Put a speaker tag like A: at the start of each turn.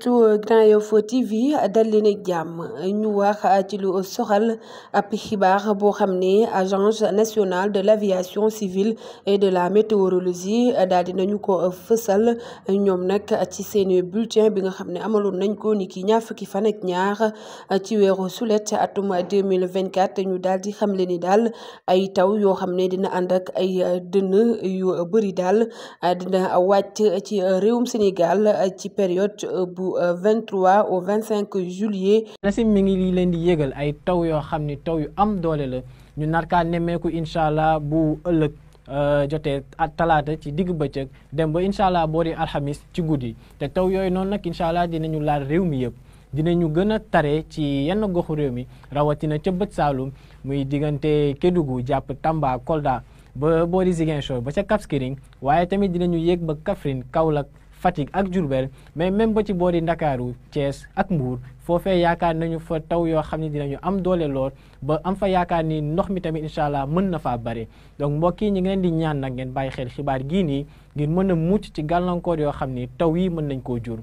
A: tout euh, Grand Yoff TV daline leen ñu wax euh, ci lu soxal ab xibar bo xamné agence nationale de l'aviation civile et de la météorologie euh, dal dinañu ko fësal ñom nak ci seen bulletin bi nga xamné ne nañ ko niki ki fukki fan ak ñaar ci wéro sulet atum 2024 ñu daal di xam ay taw yo xamné dina andak ak ay deun yu dal dina wacc ci réewum Sénégal ci période. ëtt euh, bu 23 euh, au 25 juillet.
B: mi ngi leen di yégal ay taw yoo xam ni taw yu am doole la ñu narkaa nemmeeku incha allah bu ëllëg. Euh, jotee talaata ci digg bëccëg dem ba incha allah boo di alxamis ci guddi te taw yooyu noonu nag incha allah dinañu laal réew mi yëpp dinañu gën a tare ci yenn goxu réew mi rawatina ca bët saalum muy diggante Kédougou jàpp Tamba Kolda ba boo di Ziguinchor ba ca Cap Skirring waaye tamit dinañu yéeg ba Kaffrine Kaolack Fatick ak Diourbel mais même ba ci boori Ndakaaru Thiès ak Mbour foofee yaakaar nañu fa taw yoo xam ne dinañu am doole lool ba am fa yaakaar ni ndox mi tamit incha allah mën na faa bare donc mbokk yi ñu ngi di ñaan nag ngeen bàyyi xel xibaar gii nii ngir mën a mucc ci gàllankoor yoo xam ni taw yi mën nañ koo jur.